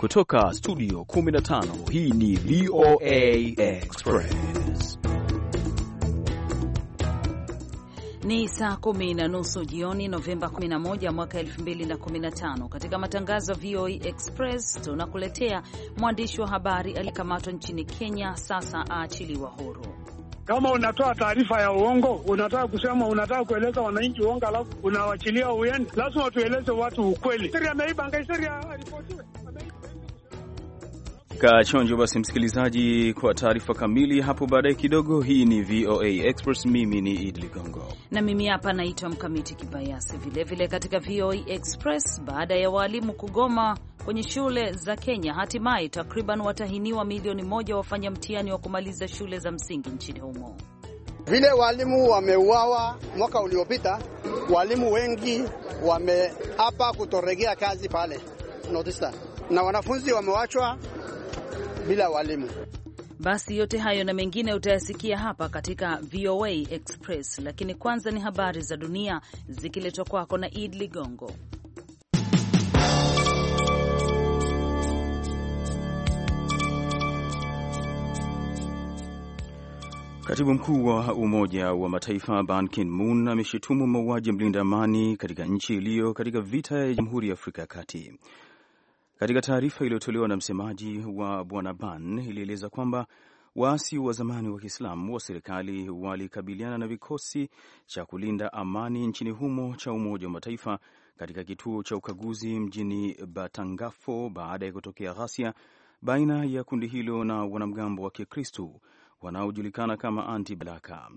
Kutoka studio 15 hii ni VOA Express. Ni saa kumi na nusu jioni Novemba 11 mwaka 2015. Katika matangazo ya VOA Express tunakuletea mwandishi wa habari aliyekamatwa nchini Kenya sasa aachiliwa huru kama unatoa taarifa ya uongo, unataka kusema, unataka kueleza wananchi uongo, alafu unawachilia uende, lazima tueleze watu ukweli. Kachonjo. Basi msikilizaji, kwa taarifa kamili hapo baadaye kidogo. Hii ni VOA Express, mimi ni id Ligongo na mimi hapa naitwa Mkamiti Kibayasi. Vilevile katika VOA Express, baada ya waalimu kugoma kwenye shule za Kenya hatimaye takriban watahiniwa milioni moja wafanya mtihani wa kumaliza shule za msingi nchini humo. Vile walimu wameuawa mwaka uliopita, walimu wengi wameapa kutoregea kazi pale Notista, na wanafunzi wamewachwa bila walimu. Basi yote hayo na mengine utayasikia hapa katika VOA Express, lakini kwanza ni habari za dunia zikiletwa kwako na Id Ligongo. Katibu mkuu wa Umoja wa Mataifa Ban Ki-moon ameshitumu mauaji mlinda amani katika nchi iliyo katika vita ya Jamhuri ya Afrika ya Kati. Katika taarifa iliyotolewa na msemaji wa bwana Ban ilieleza kwamba waasi wa zamani wa Kiislamu wa serikali walikabiliana na vikosi cha kulinda amani nchini humo cha Umoja wa Mataifa katika kituo cha ukaguzi mjini Batangafo baada ya kutokea ghasia baina ya kundi hilo na wanamgambo wa Kikristu wanaojulikana kama anti blaka.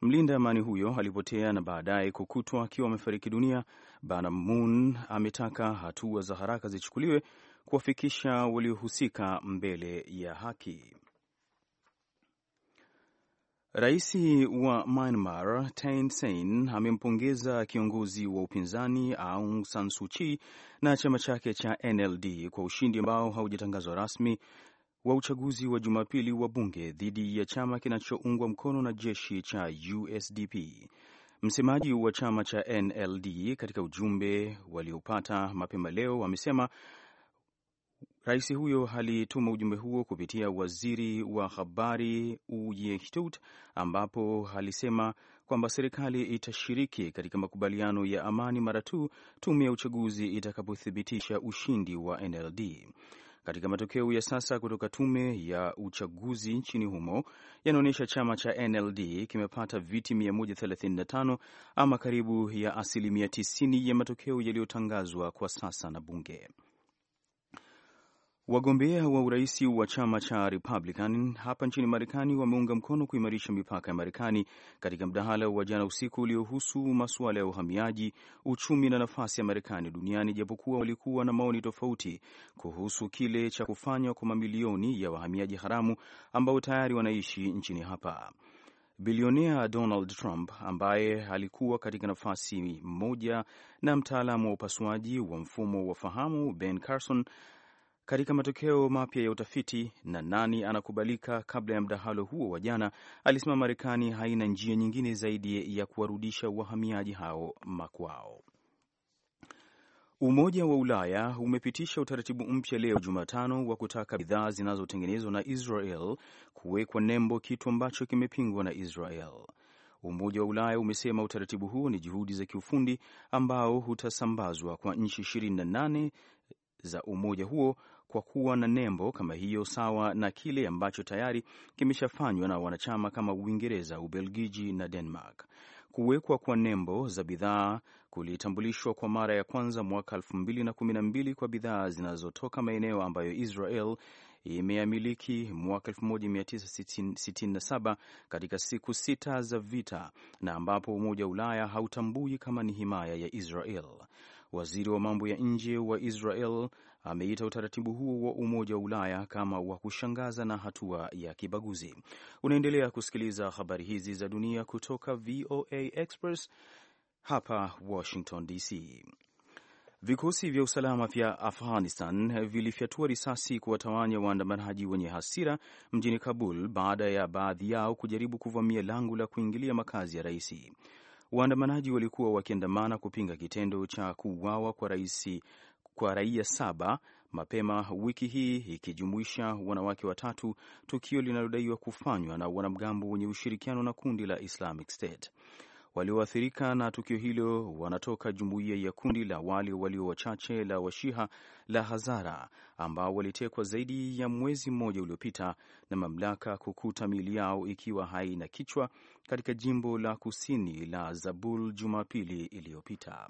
Mlinda amani huyo alipotea na baadaye kukutwa akiwa amefariki dunia. Bana moon ametaka hatua za haraka zichukuliwe kuwafikisha waliohusika mbele ya haki. Rais wa Myanmar Thein Sein amempongeza kiongozi wa upinzani Aung San Suu Kyi na chama chake cha NLD kwa ushindi ambao haujatangazwa rasmi wa uchaguzi wa Jumapili wa bunge dhidi ya chama kinachoungwa mkono na jeshi cha USDP. Msemaji wa chama cha NLD katika ujumbe waliopata mapema leo amesema rais huyo alituma ujumbe huo kupitia waziri wa habari Ujehtut, ambapo alisema kwamba serikali itashiriki katika makubaliano ya amani mara tu tume ya uchaguzi itakapothibitisha ushindi wa NLD. Katika matokeo ya sasa kutoka tume ya uchaguzi nchini humo yanaonyesha chama cha NLD kimepata viti 135 ama karibu ya asilimia 90 ya matokeo yaliyotangazwa kwa sasa na bunge. Wagombea wa urais wa chama cha Republican hapa nchini Marekani wameunga mkono kuimarisha mipaka ya Marekani katika mdahalo wa jana usiku uliohusu masuala ya uhamiaji, uchumi na nafasi ya Marekani duniani, japokuwa walikuwa na maoni tofauti kuhusu kile cha kufanywa kwa mamilioni ya wahamiaji haramu ambao tayari wanaishi nchini hapa. Bilionea Donald Trump ambaye alikuwa katika nafasi moja na mtaalamu wa upasuaji wa mfumo wa fahamu Ben Carson katika matokeo mapya ya utafiti na nani anakubalika. Kabla ya mdahalo huo wa jana, alisema Marekani haina njia nyingine zaidi ya kuwarudisha wahamiaji hao makwao. Umoja wa Ulaya umepitisha utaratibu mpya leo Jumatano wa kutaka bidhaa zinazotengenezwa na Israel kuwekwa nembo, kitu ambacho kimepingwa na Israel. Umoja wa Ulaya umesema utaratibu huo ni juhudi za kiufundi ambao hutasambazwa kwa nchi 28 za umoja huo kwa kuwa na nembo kama hiyo, sawa na kile ambacho tayari kimeshafanywa na wanachama kama Uingereza, Ubelgiji na Denmark. Kuwekwa kwa nembo za bidhaa kulitambulishwa kwa mara ya kwanza mwaka 2012 kwa bidhaa zinazotoka maeneo ambayo Israel imeamiliki mwaka 1967 katika siku sita za vita na ambapo Umoja wa Ulaya hautambui kama ni himaya ya Israel. Waziri wa mambo ya nje wa Israel ameita utaratibu huo wa Umoja wa Ulaya kama wa kushangaza na hatua ya kibaguzi. Unaendelea kusikiliza habari hizi za dunia kutoka VOA Express hapa Washington DC. Vikosi vya usalama vya Afghanistan vilifyatua risasi kuwatawanya waandamanaji wenye hasira mjini Kabul baada ya baadhi yao kujaribu kuvamia lango la kuingilia makazi ya rais. Waandamanaji walikuwa wakiandamana kupinga kitendo cha kuuawa kwa rais kwa raia saba mapema wiki hii ikijumuisha wanawake watatu, tukio linalodaiwa kufanywa na wanamgambo wenye ushirikiano na kundi la Islamic State. Walioathirika na tukio hilo wanatoka jumuiya ya kundi la wale walio wachache la washiha la Hazara ambao walitekwa zaidi ya mwezi mmoja uliopita na mamlaka kukuta miili yao ikiwa haina kichwa katika jimbo la kusini la Zabul Jumapili iliyopita.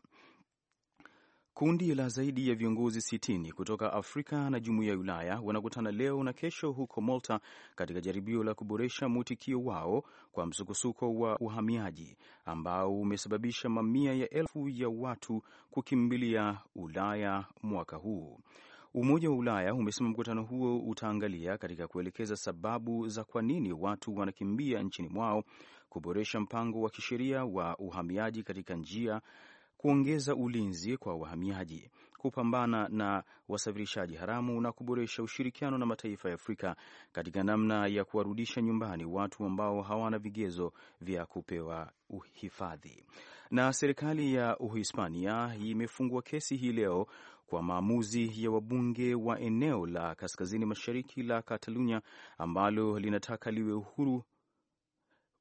Kundi la zaidi ya viongozi 60 kutoka Afrika na jumuiya ya Ulaya wanakutana leo na kesho huko Malta katika jaribio la kuboresha mwitikio wao kwa msukosuko wa uhamiaji ambao umesababisha mamia ya elfu ya watu kukimbilia Ulaya mwaka huu. Umoja wa Ulaya umesema mkutano huo utaangalia katika kuelekeza sababu za kwa nini watu wanakimbia nchini mwao, kuboresha mpango wa kisheria wa uhamiaji katika njia kuongeza ulinzi kwa wahamiaji, kupambana na wasafirishaji haramu na kuboresha ushirikiano na mataifa ya Afrika katika namna ya kuwarudisha nyumbani watu ambao hawana vigezo vya kupewa uhifadhi. Na serikali ya Uhispania imefungua kesi hii leo kwa maamuzi ya wabunge wa eneo la kaskazini mashariki la Katalunya ambalo linataka liwe uhuru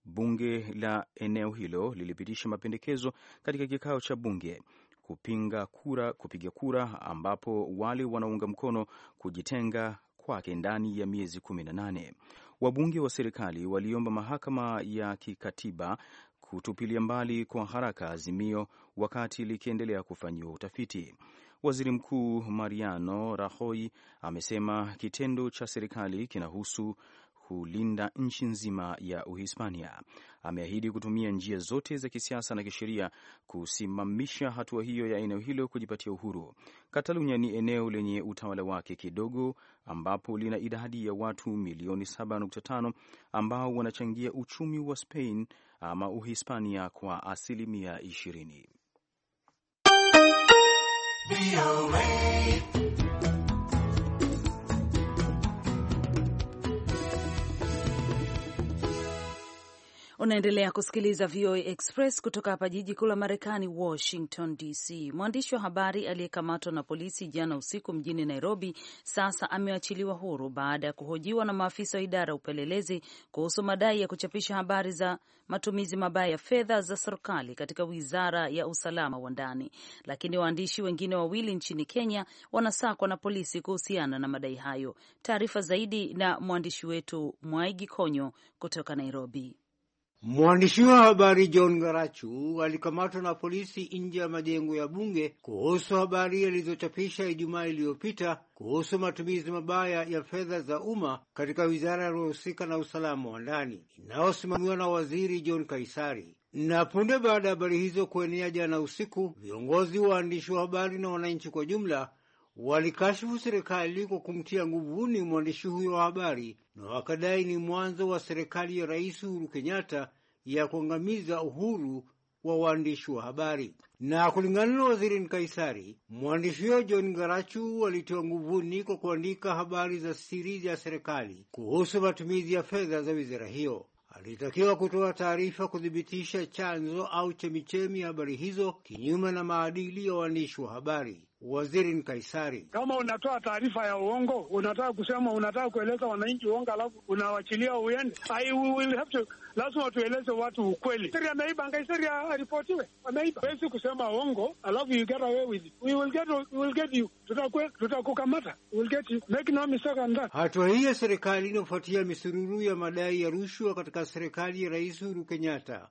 bunge la eneo hilo lilipitisha mapendekezo katika kikao cha bunge kupinga kura, kupiga kura ambapo wale wanaunga mkono kujitenga kwake ndani ya miezi 18. Wabunge wa serikali waliomba mahakama ya kikatiba kutupilia mbali kwa haraka azimio wakati likiendelea kufanyiwa utafiti. Waziri Mkuu Mariano Rajoy amesema kitendo cha serikali kinahusu kulinda nchi nzima ya Uhispania. Ameahidi kutumia njia zote za kisiasa na kisheria kusimamisha hatua hiyo ya eneo hilo kujipatia uhuru. Katalunya ni eneo lenye utawala wake kidogo, ambapo lina idadi ya watu milioni 7.5 ambao wanachangia uchumi wa Spain ama Uhispania kwa asilimia 20. Unaendelea kusikiliza VOA Express kutoka hapa jiji kuu la Marekani, Washington DC. Mwandishi wa habari aliyekamatwa na polisi jana usiku mjini Nairobi sasa ameachiliwa huru baada ya kuhojiwa na maafisa wa idara ya upelelezi kuhusu madai ya kuchapisha habari za matumizi mabaya ya fedha za serikali katika wizara ya usalama wa ndani. Lakini waandishi wengine wawili nchini Kenya wanasakwa na polisi kuhusiana na madai hayo. Taarifa zaidi na mwandishi wetu Mwaigi Konyo kutoka Nairobi. Mwandishi wa habari John Garachu alikamatwa na polisi nje ya majengo ya bunge kuhusu habari alizochapisha Ijumaa iliyopita kuhusu matumizi mabaya ya fedha za umma katika wizara yanayohusika na usalama wa ndani inayosimamiwa na Waziri John Kaisari. Na punde baada ya habari hizo kuenea jana usiku, viongozi, waandishi wa habari na wananchi kwa jumla walikashifu serikali kwa kumtia nguvuni mwandishi huyo wa habari na wakadai ni mwanzo wa serikali ya Rais Uhuru Kenyatta ya kuangamiza uhuru wa waandishi wa habari. Na kulingana na waziri Nkaisari, mwandishi huyo John Garachu alitiwa nguvuni kwa kuandika habari za siri za serikali kuhusu matumizi ya fedha za wizara hiyo. Alitakiwa kutoa taarifa kuthibitisha chanzo au chemichemi ya habari hizo, kinyume na maadili ya waandishi wa habari. Waziri Nkaisari: kama unatoa taarifa ya uongo, unataka kusema, unataka kueleza wananchi uongo, alafu unawachilia uende. Lazima tueleze watu ukweli. Seri Ameiba, Nkaisari aripotiwe, ameiba. Huwezi kusema uongo alafu you get away with it. We will get, we will get you, tutakukamata, we will get you. Make no mistake on that. Hatua hii ya serikali inafuatia misururu ya madai ya rushwa katika serikali ya Rais Uhuru Kenyatta,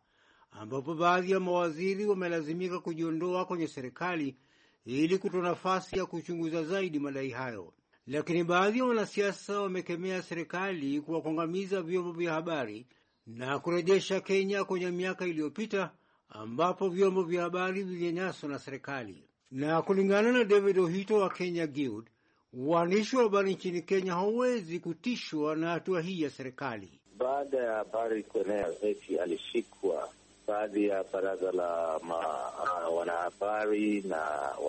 ambapo baadhi ya mawaziri wamelazimika kujiondoa kwenye serikali ili kutoa nafasi ya kuchunguza zaidi madai hayo. Lakini baadhi ya wanasiasa wamekemea serikali kuwakongamiza vyombo vya habari na kurejesha Kenya kwenye miaka iliyopita ambapo vyombo vya habari vilinyanyaswa na serikali. Na kulingana na David Ohito wa Kenya Guild, waandishi wa habari nchini Kenya hauwezi kutishwa na hatua hii ya serikali. Baada ya habari kuenea, eti alishikwa baadhi ya baraza la uh, wanahabari na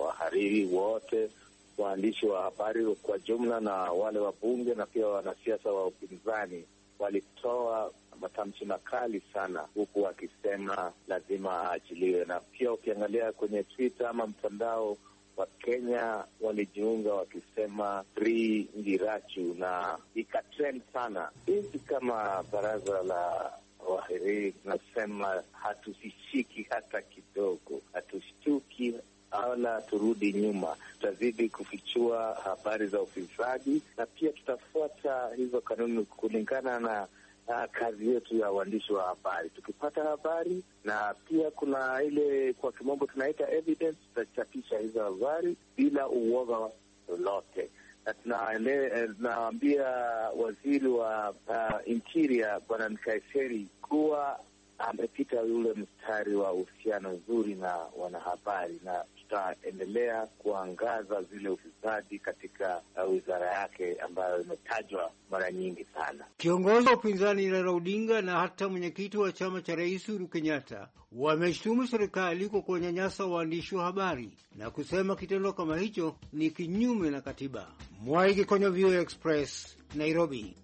wahariri wote, waandishi wa habari kwa jumla, na wale wabunge na pia wanasiasa wa upinzani walitoa matamshi makali sana, huku wakisema lazima aachiliwe. Na pia ukiangalia kwenye Twitter ama mtandao wa kenya walijiunga wakisema free Ngirachu na ikatrend sana. Sisi kama baraza la Waherehe tunasema hatusishiki hata kidogo, hatushtuki wala turudi nyuma. Tutazidi kufichua habari za ufisadi na pia tutafuata hizo kanuni kulingana na Uh, kazi yetu ya uandishi wa habari, tukipata habari na pia kuna ile kwa kimombo tunaita evidence, tutachapisha hizo habari bila uoga lolote tunaambia eh, waziri wa uh, interior bwana Nkaiseri kuwa amepita yule mstari wa uhusiano nzuri na wanahabari na ataendelea kuangaza zile ufisadi katika uh, wizara yake ambayo imetajwa mara nyingi sana. Kiongozi wa upinzani Raila Odinga na hata mwenyekiti wa chama cha Rais Uhuru Kenyatta wameshutumu serikali kwa kuwanyanyasa waandishi wa habari na kusema kitendo kama hicho ni kinyume na katiba. Mwaigi kwenye VOA Express, Nairobi.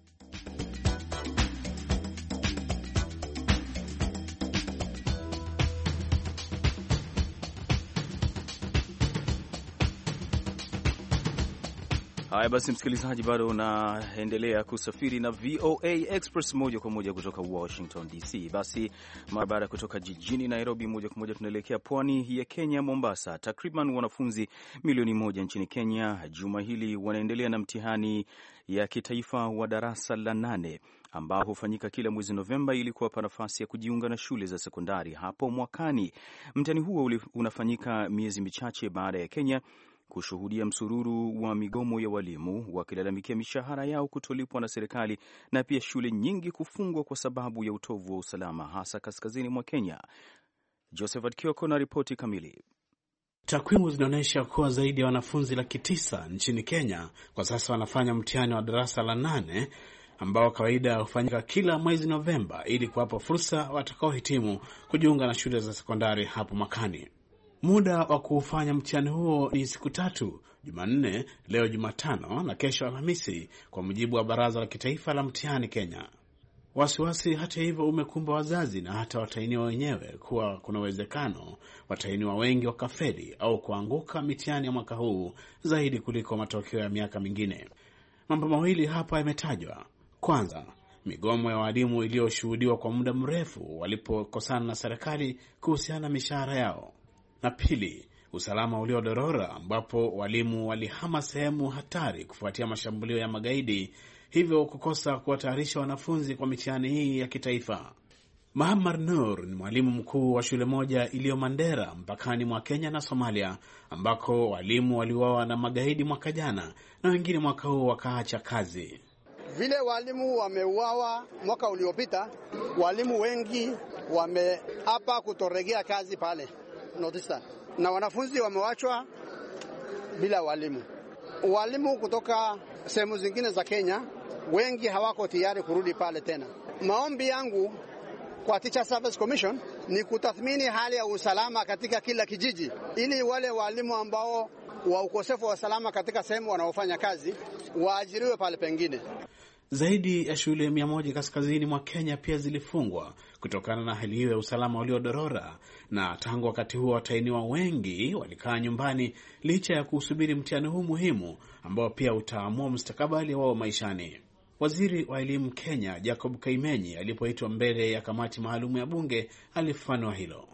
Haya basi, msikilizaji, bado unaendelea kusafiri na VOA Express moja kwa moja kutoka Washington DC. Basi mara baada ya kutoka jijini Nairobi, moja kwa moja tunaelekea pwani ya Kenya, Mombasa. Takriban wanafunzi milioni moja nchini Kenya juma hili wanaendelea na mtihani ya kitaifa wa darasa la nane ambao hufanyika kila mwezi Novemba ili kuwapa nafasi ya kujiunga na shule za sekondari hapo mwakani. Mtihani huo unafanyika miezi michache baada ya Kenya kushuhudia msururu wa migomo ya walimu wakilalamikia mishahara yao kutolipwa na serikali na pia shule nyingi kufungwa kwa sababu ya utovu wa usalama hasa kaskazini mwa Kenya. Josephat Kioko na ripoti kamili. Takwimu zinaonyesha kuwa zaidi ya wanafunzi laki tisa nchini Kenya kwa sasa wanafanya mtihani wa darasa la nane ambao kawaida hufanyika kila mwezi Novemba ili kuwapa fursa watakaohitimu kujiunga na shule za sekondari hapo mwakani. Muda wa kufanya mtihani huo ni siku tatu: Jumanne, leo Jumatano na kesho Alhamisi, kwa mujibu wa Baraza la Kitaifa la Mtihani Kenya. Wasiwasi hata hivyo umekumba wazazi na hata watahiniwa wenyewe kuwa kuna uwezekano watahiniwa wengi wakafeli au kuanguka mitihani ya mwaka huu zaidi kuliko matokeo ya miaka mingine. Mambo mawili hapa yametajwa. Kwanza, migomo ya waalimu iliyoshuhudiwa kwa muda mrefu walipokosana na serikali kuhusiana na mishahara yao na pili, usalama uliodorora ambapo walimu walihama sehemu hatari kufuatia mashambulio ya magaidi, hivyo kukosa kuwatayarisha wanafunzi kwa mitihani hii ya kitaifa. Mahamar Nur ni mwalimu mkuu wa shule moja iliyo Mandera, mpakani mwa Kenya na Somalia, ambako walimu waliuawa na magaidi mwaka jana na wengine mwaka huu wakaacha kazi. Vile walimu wameuawa mwaka uliopita, walimu wengi wameapa kutoregea kazi pale North na wanafunzi wamewachwa bila walimu. Walimu kutoka sehemu zingine za Kenya wengi hawako tayari kurudi pale tena. Maombi yangu kwa Teacher Service Commission ni kutathmini hali ya usalama katika kila kijiji, ili wale walimu ambao wa ukosefu wa usalama katika sehemu wanaofanya kazi waajiriwe pale pengine. Zaidi ya shule mia moja kaskazini mwa Kenya pia zilifungwa kutokana na hali hiyo ya usalama uliodorora, na tangu wakati huo watahiniwa wengi walikaa nyumbani licha ya kuusubiri mtihani huu muhimu ambao pia utaamua mustakabali wao maishani. Waziri wa elimu Kenya Jacob Kaimenyi alipoitwa mbele ya kamati maalumu ya bunge alifafanua hilo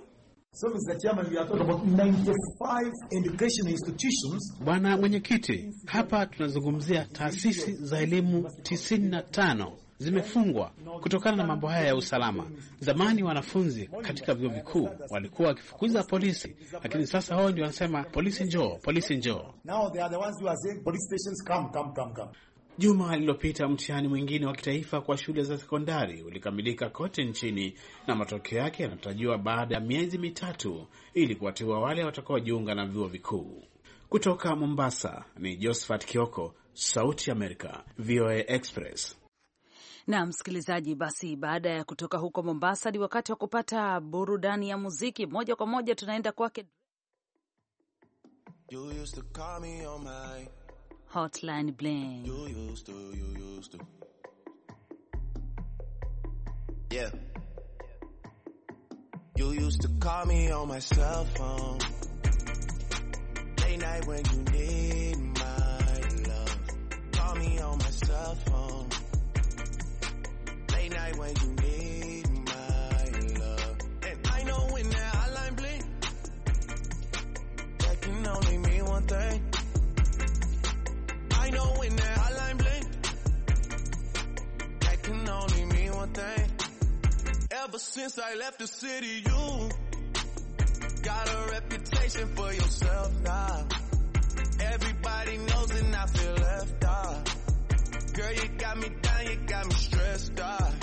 chairman we are talking about 95 education institutions. Bwana mwenyekiti, hapa tunazungumzia taasisi za elimu 95 zimefungwa kutokana na mambo haya ya usalama. Zamani wanafunzi katika vyuo vikuu walikuwa wakifukuza polisi, lakini sasa hao ndio wanasema polisi njoo, polisi njoo. Juma lililopita mtihani mwingine wa kitaifa kwa shule za sekondari ulikamilika kote nchini na matokeo yake yanatarajiwa baada ya miezi mitatu ili kuwateua wale watakaojiunga na vyuo vikuu. Kutoka Mombasa ni Josephat Kioko, Sauti Amerika, VOA Express. Na msikilizaji, basi baada ya kutoka huko Mombasa ni wakati wa kupata burudani ya muziki. Moja kwa moja tunaenda kwake. Hotline Bling. You used to, you used to. Yeah. You used to call me on my cell phone. Late night when you need since I left the city, you got a reputation for yourself now. Everybody knows and I feel left out. Girl, you got me down, you got me stressed out.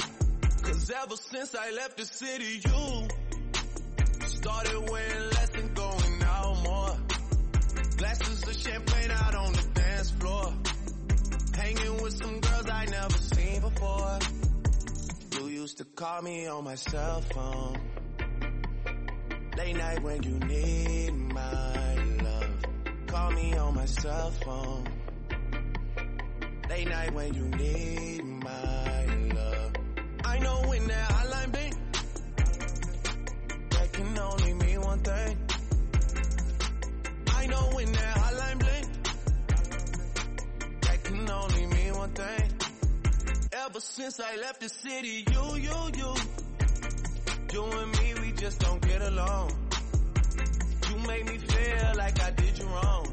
Cause ever since I left the city, you started wearing less and going out more. Glasses of champagne out on the dance floor. Hanging with some girls I never seen before used to call me on my cell phone. Late night when you need my love. Call me on my cell phone. Late night when you need my love. I know when that hotline bling, that can only mean one thing. I know when that Ever since I left the city, you, you, you. You and me, we just don't get along. You made me feel like I did you wrong.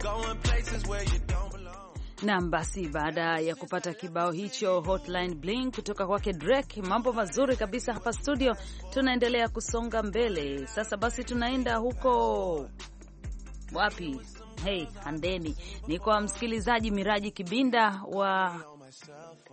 Going places where you don't belong. Nam, basi baada ya kupata kibao hicho Hotline Bling kutoka kwake Drake, mambo mazuri kabisa hapa studio. Tunaendelea kusonga mbele sasa, basi tunaenda huko wapi? Hey, andeni ni kwa msikilizaji Miraji Kibinda wa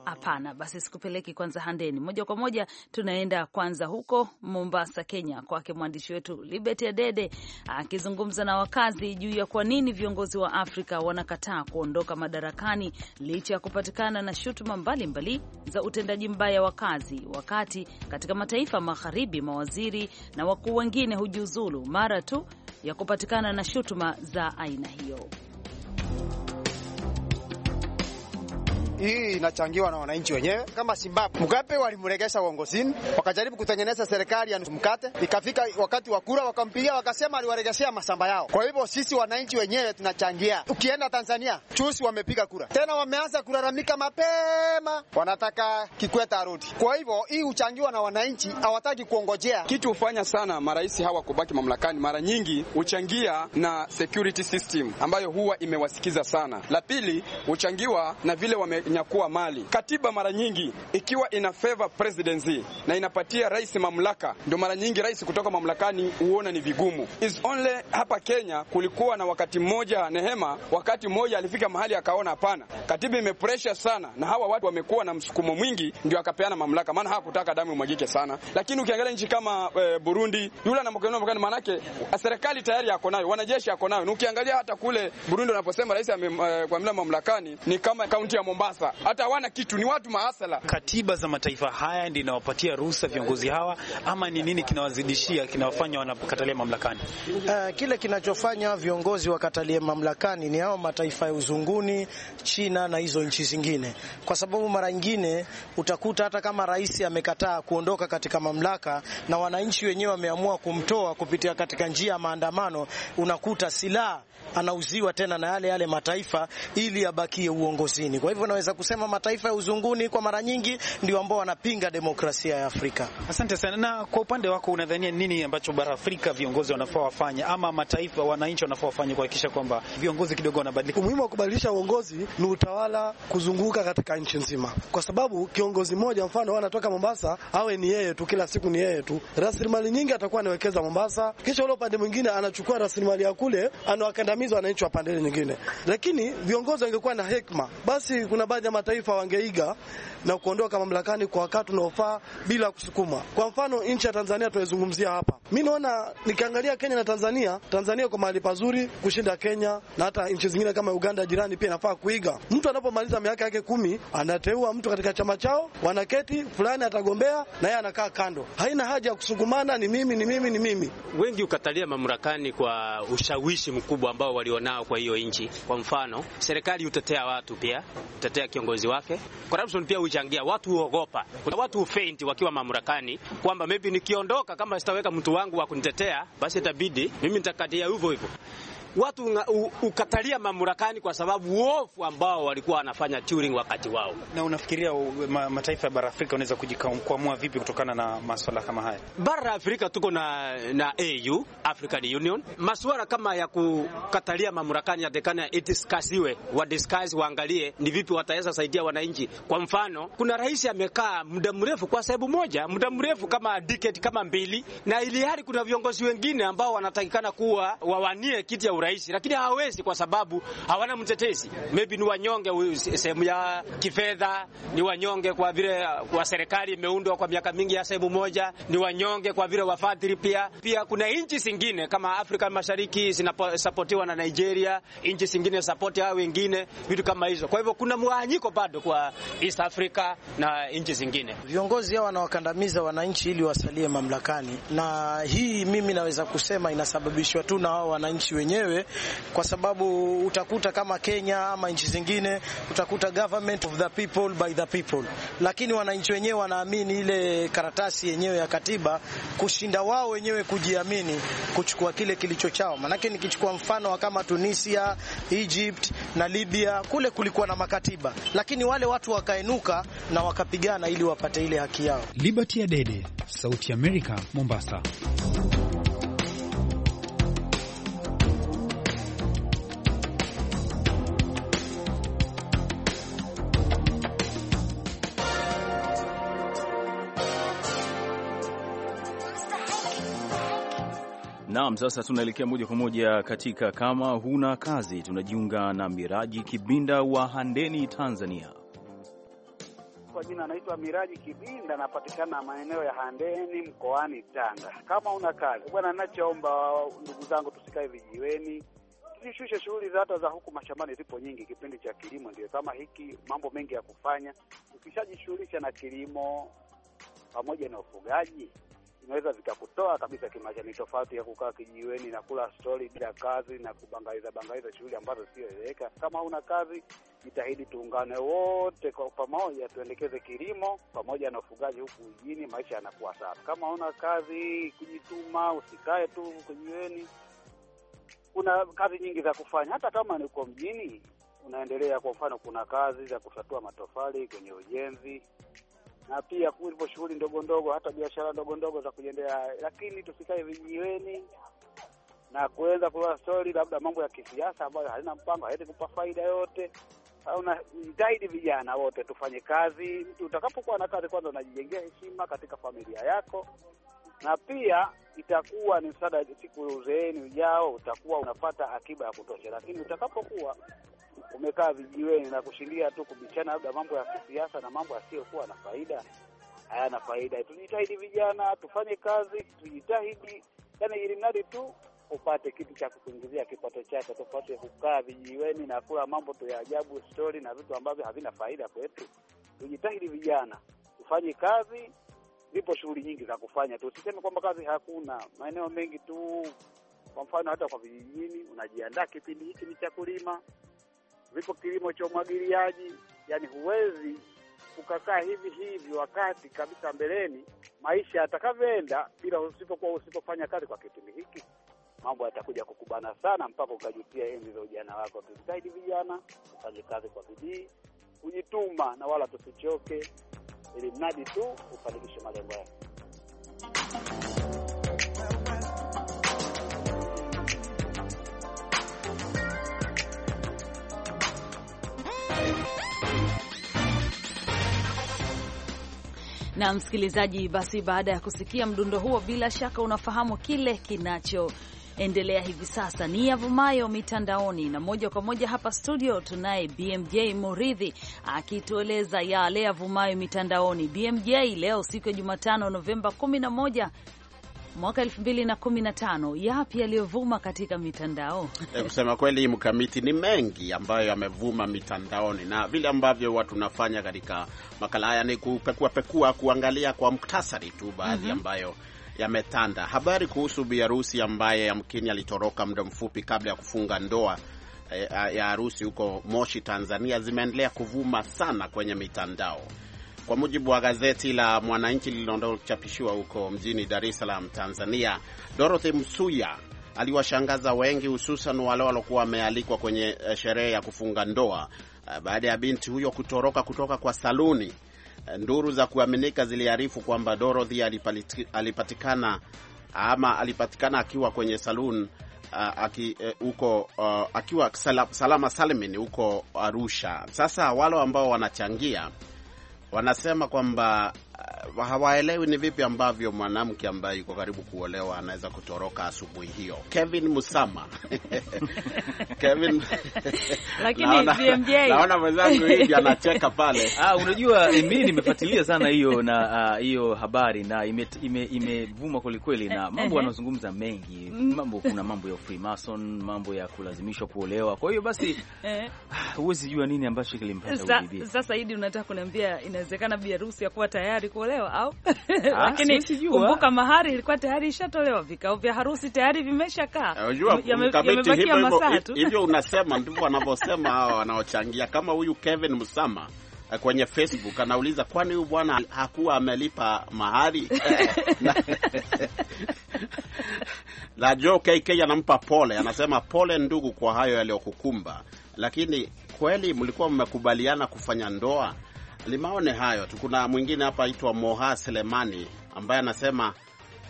Hapana, basi sikupeleki kwanza Handeni, moja kwa moja tunaenda kwanza huko Mombasa, Kenya, kwake mwandishi wetu Liberty Adede akizungumza na wakazi juu ya kwa nini viongozi wa Afrika wanakataa kuondoka madarakani licha ya kupatikana na shutuma mbalimbali za utendaji mbaya wa kazi, wakati katika mataifa magharibi mawaziri na wakuu wengine hujiuzulu mara tu ya kupatikana na shutuma za aina hiyo. Hii inachangiwa na wananchi wenyewe. Kama Zimbabwe, Mugabe walimregesha uongozini, wakajaribu kutengeneza serikali ya mkate, ikafika wakati wa kura wakampigia, wakasema aliwaregeshea masamba yao. Kwa hivyo sisi wananchi wenyewe tunachangia. Ukienda Tanzania, chusi wamepiga kura tena, wameanza kulalamika mapema, wanataka Kikwete arudi. Kwa hivyo hii huchangiwa na wananchi, hawataki kuongojea kitu. Hufanya sana marais hawa kubaki mamlakani, mara nyingi huchangia na security system ambayo huwa imewasikiza sana. La pili huchangiwa na vile wame inakuwa mali. Katiba mara nyingi ikiwa ina favor presidency na inapatia rais mamlaka, ndio mara nyingi rais kutoka mamlakani huona ni vigumu. Is only hapa Kenya kulikuwa na wakati mmoja Nehema, wakati mmoja alifika mahali akaona hapana, katiba imepressure sana na hawa watu wamekuwa na msukumo mwingi, ndio akapeana mamlaka, maana hakutaka damu imwagike sana. Lakini ukiangalia nchi kama e, Burundi yule anamokenea maanake serikali tayari yako nayo, wanajeshi yako nayo. na Ukiangalia hata kule Burundi wanaposema rais amekwamila eh, e, mamlakani ni kama kaunti ya Mombasa maarifa, hata hawana kitu, ni watu maasala. Katiba za mataifa haya ndio inawapatia ruhusa viongozi hawa, ama ni nini kinawazidishia kinawafanya wanakatalia mamlakani? Uh, kile kinachofanya viongozi wakatalie mamlakani ni hao mataifa ya uzunguni, China na hizo nchi zingine, kwa sababu mara nyingine utakuta hata kama rais amekataa kuondoka katika mamlaka na wananchi wenyewe wameamua kumtoa kupitia katika njia ya maandamano, unakuta silaha anauziwa tena na yale yale mataifa ili abakie uongozini. Kwa hivyo naweza tunaweza kusema mataifa ya uzunguni kwa mara nyingi ndio ambao wanapinga demokrasia ya Afrika. Asante sana. Na kwa upande wako unadhania nini ambacho bara Afrika viongozi wanafaa wafanye, ama mataifa, wananchi wanafaa wafanye kuhakikisha kwamba viongozi kidogo wanabadilika? Umuhimu wa kubadilisha uongozi ni utawala kuzunguka katika nchi nzima, kwa sababu kiongozi mmoja, mfano anatoka Mombasa, awe ni yeye tu, kila siku ni yeye tu, rasilimali nyingi atakuwa anawekeza Mombasa, kisha ule upande mwingine anachukua rasilimali ya kule, anawakandamiza wananchi wa pande nyingine. Lakini viongozi wangekuwa na hekima, basi kuna baadhi ya mataifa wangeiga na kuondoka mamlakani kwa wakati unaofaa bila kusukuma. Kwa mfano nchi ya Tanzania tunaizungumzia hapa, mi naona nikiangalia Kenya na Tanzania, Tanzania kwa mahali pazuri kushinda Kenya na hata nchi zingine kama Uganda jirani pia inafaa kuiga. Mtu anapomaliza miaka yake kumi anateua mtu katika chama chao, wanaketi fulani atagombea na yeye anakaa kando, haina haja ya kusukumana, ni mimi ni mimi ni mimi. Wengi ukatalia mamlakani kwa ushawishi mkubwa ambao walionao kwa hiyo nchi. Kwa mfano serikali hutetea watu pia hutetea kumtetea kiongozi wake. Corruption pia huchangia watu huogopa, kuna watu hufeinti wakiwa mamlakani kwamba maybe nikiondoka, kama sitaweka mtu wangu wa kunitetea, basi itabidi mimi nitakatia hivyo hivyo watu nga, u, ukatalia mamlakani kwa sababu uofu ambao walikuwa wanafanya turing wakati wao. Na unafikiria ma, mataifa ya bara Afrika unaweza kujikwamua vipi kutokana na masuala kama haya? Bara la Afrika tuko na, na AU African Union. Masuala kama ya kukatalia mamlakani yatakana itiskasiwe, wadiskasi waangalie ni vipi wataweza saidia wananchi. Kwa mfano, kuna rais amekaa muda mrefu kwa sababu moja, muda mrefu kama decade kama mbili, na ili hali kuna viongozi wengine ambao wanatakikana kuwa wawanie kiti ya urahisi, lakini hawawezi kwa sababu hawana mtetezi. Maybe ni wanyonge sehemu ya kifedha, ni wanyonge kwa vile kwa serikali imeundwa kwa miaka mingi ya sehemu moja, ni wanyonge kwa vile wafadhili pia. Pia kuna nchi zingine kama Afrika Mashariki zinasapotiwa na Nigeria, nchi zingine sapoti hao wengine, vitu kama hizo. Kwa hivyo kuna mwanyiko bado kwa East Africa na nchi zingine. Viongozi hao wanawakandamiza wananchi ili wasalie mamlakani, na hii mimi naweza kusema inasababishwa tu na wao wananchi wenyewe wenyewe, kwa sababu utakuta kama Kenya ama nchi zingine utakuta government of the people by the people, lakini wananchi wenyewe wanaamini ile karatasi yenyewe ya katiba kushinda wao wenyewe kujiamini kuchukua kile kilicho chao. Manake nikichukua mfano wa kama Tunisia, Egypt na Libya, kule kulikuwa na makatiba, lakini wale watu wakainuka na wakapigana ili wapate ile haki yao. Liberty Adede, Sauti ya Amerika, Mombasa. Naam, sasa tunaelekea moja kwa moja katika kama huna kazi. Tunajiunga na Miraji Kibinda wa Handeni, Tanzania. Kwa jina anaitwa Miraji Kibinda, napatikana maeneo ya Handeni mkoani Tanga. Kama una kazi bwana, nachoomba ndugu zangu, tusikae vijiweni, tujishushe shughuli za hata za huku mashambani, zipo nyingi. Kipindi cha kilimo ndio kama hiki, mambo mengi ya kufanya. Ukishajishughulisha na kilimo pamoja na ufugaji, vinaweza vikakutoa kabisa kimaisha. Ni tofauti ya kukaa kijiweni na kula stori bila kazi na kubangaiza bangaiza shughuli ambazo sioeleweka. Kama una kazi, jitahidi tuungane wote kwa pamoja, tuendekeze kilimo pamoja na ufugaji huku mjini, maisha yanakuwa safi. Kama una kazi, kujituma, usikae tu kijiweni. Kuna kazi nyingi za kufanya, hata kama ni uko mjini unaendelea. Kwa mfano, kuna kazi za kusatua matofali kwenye ujenzi na pia kuwepo shughuli ndogo ndogo, hata biashara ndogo ndogo za kujendea lakini tusikae vijiweni na kuweza kuwa stori labda mambo ya kisiasa ambayo halina mpango, hawezi kupa faida yoyote. Unajitahidi vijana wote tufanye kazi. Mtu utakapokuwa na kazi, kwanza unajijengea heshima katika familia yako, na pia itakuwa ni msaada siku uzeeni ujao, utakuwa unapata akiba ya kutosha. Lakini utakapokuwa umekaa vijiweni na kushindia tu kubichana labda mambo ya kisiasa na mambo yasiyokuwa na faida, hayana faida. Tujitahidi vijana, tufanye kazi, tujitahidi, yani ili mradi tu upate kitu cha kuingizia kipato chako, tupate kukaa vijiweni na kula mambo tu ya ajabu, stori na vitu ambavyo havina faida kwetu. Tujitahidi vijana, tufanye kazi. Zipo shughuli nyingi za kufanya tu, usiseme kwamba kazi hakuna. Maeneo mengi tu, kwa mfano hata kwa vijijini, unajiandaa kipindi hiki ni cha kulima vipo kilimo cha umwagiliaji. Yani huwezi ukakaa hivi hivi wakati kabisa mbeleni maisha yatakavyoenda bila usipokuwa usipofanya kazi kwa kipindi hiki, mambo yatakuja kukubana sana mpaka ukajutia enzi za ujana wako. Tusaidi vijana, ufanye kazi kwa bidii, kujituma na wala tusichoke, ili mradi tu ufanikishe malengo yake Na msikilizaji, basi baada ya kusikia mdundo huo, bila shaka unafahamu kile kinacho endelea hivi sasa ni yavumayo mitandaoni, na moja kwa moja hapa studio tunaye BMJ Muridhi akitueleza yale yavumayo mitandaoni. BMJ, leo siku ya Jumatano Novemba 11 mwaka tano yapi yaliyovuma katika mitandao? Eh, kusema kweli, mkamiti ni mengi ambayo yamevuma mitandaoni, na vile ambavyo watu nafanya katika makala haya ni kupekuapekua, kuangalia kwa mktasari tu baadhi mm -hmm. ambayo yametanda. Habari kuhusu biharusi ambaye yamkini alitoroka muda mfupi kabla ya kufunga ndoa eh, ya harusi huko Moshi, Tanzania, zimeendelea kuvuma sana kwenye mitandao. Kwa mujibu wa gazeti la Mwananchi lililochapishiwa huko mjini Dar es Salaam, Tanzania, Dorothy Msuya aliwashangaza wengi, hususan wale waliokuwa wamealikwa kwenye eh, sherehe ya kufunga ndoa eh, baada ya binti huyo kutoroka kutoka kwa saluni. Eh, nduru za kuaminika ziliarifu kwamba Dorothy alipatikana ama alipatikana akiwa kwenye saluni Aki, uko, uh, akiwa salama salmin huko Arusha. Sasa wale ambao wanachangia wanasema kwamba hawaelewi ni vipi ambavyo mwanamke ambaye yuko karibu kuolewa anaweza kutoroka asubuhi hiyo. Kevin Musama Kevin lakini BMJ naona mwenzangu hivi anacheka pale. Ah, unajua mimi nimefuatilia sana hiyo na ah, hiyo uh, habari na imevuma ime, ime kwelikweli na mambo wanazungumza mengi mm. mambo, kuna mambo ya Freemason, mambo ya kulazimishwa kuolewa. Kwa hiyo basi eh. huwezi jua nini ambacho kilimpata. Sasa Saidi, unataka kuniambia inawezekana biharusi ya kuwa tayari kuolewa haijatolewa au ah, lakini kumbuka, mahari ilikuwa tayari ishatolewa, vikao vya harusi tayari vimeshakaa, ah, yamebakia masaa tu. Hivyo unasema ndivyo wanavyosema hawa wanaochangia, kama huyu Kevin msama eh, kwenye Facebook anauliza, kwani huyu bwana hakuwa amelipa mahari? na Joe KK anampa pole, anasema pole ndugu kwa hayo yaliyokukumba, lakini kweli mlikuwa mmekubaliana kufanya ndoa limaone hayo tu. Kuna mwingine hapa aitwa Moha Selemani ambaye anasema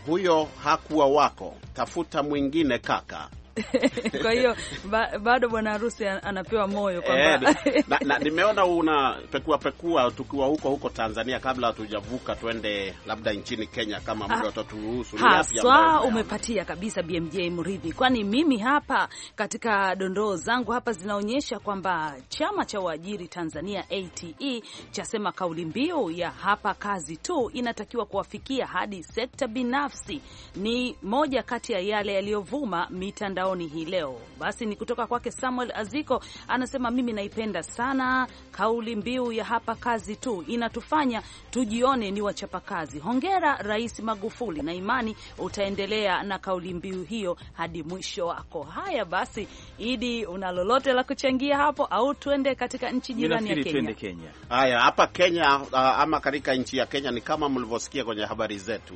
huyo hakuwa wako, tafuta mwingine kaka. kwa hiyo ba, bado bwana harusi anapewa moyo kwamba e, nimeona una pekua pekua tukiwa huko huko Tanzania, kabla hatujavuka twende labda nchini Kenya kama muda ah, utaturuhusu. Haswa umepatia kabisa BMJ Mridhi, kwani mimi hapa katika dondoo zangu hapa zinaonyesha kwamba chama cha waajiri Tanzania ATE chasema kauli mbiu ya hapa kazi tu inatakiwa kuwafikia hadi sekta binafsi ni moja kati ya yale yaliyovuma mitandao maoni hii leo. Basi ni kutoka kwake Samuel Aziko, anasema mimi naipenda sana kauli mbiu ya hapa kazi tu, inatufanya tujione ni wachapakazi. Hongera Rais Magufuli na imani utaendelea na kauli mbiu hiyo hadi mwisho wako. Haya basi, Idi, una lolote la kuchangia hapo au tuende katika nchi jirani ya Kenya? Kenya haya hapa Kenya, ama katika nchi ya Kenya ni kama mlivyosikia kwenye habari zetu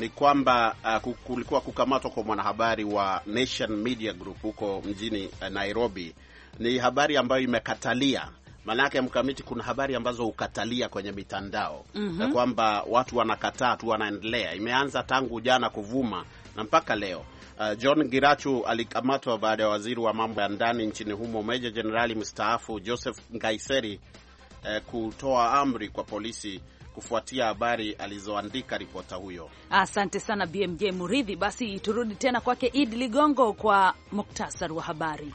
ni kwamba uh, kulikuwa kukamatwa kwa mwanahabari wa Nation Media Group huko mjini uh, Nairobi. Ni habari ambayo imekatalia Maanake mkamiti, kuna habari ambazo hukatalia kwenye mitandao mm -hmm. kwamba watu wanakataa tu, wanaendelea. Imeanza tangu jana kuvuma na mpaka leo. Uh, John Girachu alikamatwa baada ya waziri wa mambo ya ndani nchini humo Meja Jenerali mstaafu Joseph Ngaiseri uh, kutoa amri kwa polisi kufuatia habari alizoandika ripota huyo. Asante sana BMJ Muridhi. Basi turudi tena kwake Idi Ligongo kwa muktasari wa habari.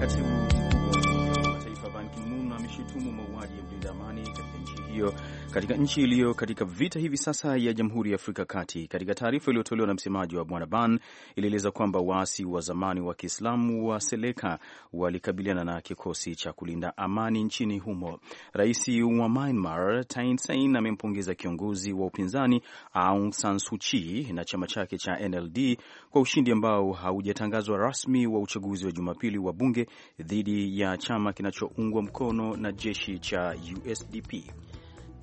Katibu mkuu wa taifa Ban Ki-moon ameshutumu mauaji ya mlinda amani katika nchi hiyo katika nchi iliyo katika vita hivi sasa ya Jamhuri ya Afrika Kati. Katika taarifa iliyotolewa na msemaji wa Bwana Ban ilieleza kwamba waasi wa zamani wa Kiislamu wa Seleka walikabiliana na kikosi cha kulinda amani nchini humo. Rais wa Myanmar Thein Sein amempongeza kiongozi wa upinzani Aung San Suu Kyi na chama chake cha NLD kwa ushindi ambao haujatangazwa rasmi wa uchaguzi wa Jumapili wa bunge dhidi ya chama kinachoungwa mkono na jeshi cha USDP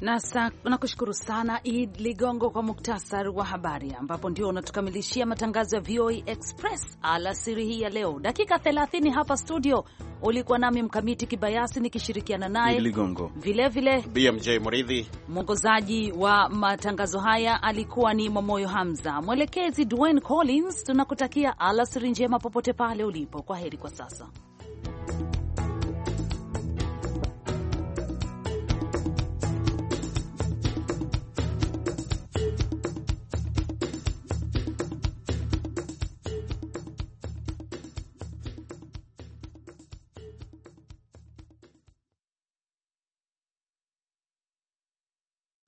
na Nakushukuru sana Id Ligongo kwa muktasari wa habari, ambapo ndio unatukamilishia matangazo ya VOA Express alasiri hii ya leo. Dakika 30 hapa studio ulikuwa nami Mkamiti Kibayasi nikishirikiana naye Ligongo, vilevile BMJ Mridhi. Mwongozaji wa matangazo haya alikuwa ni Mwamoyo Hamza, mwelekezi Dwayne Collins. Tunakutakia alasiri njema popote pale ulipo. Kwa heri kwa sasa.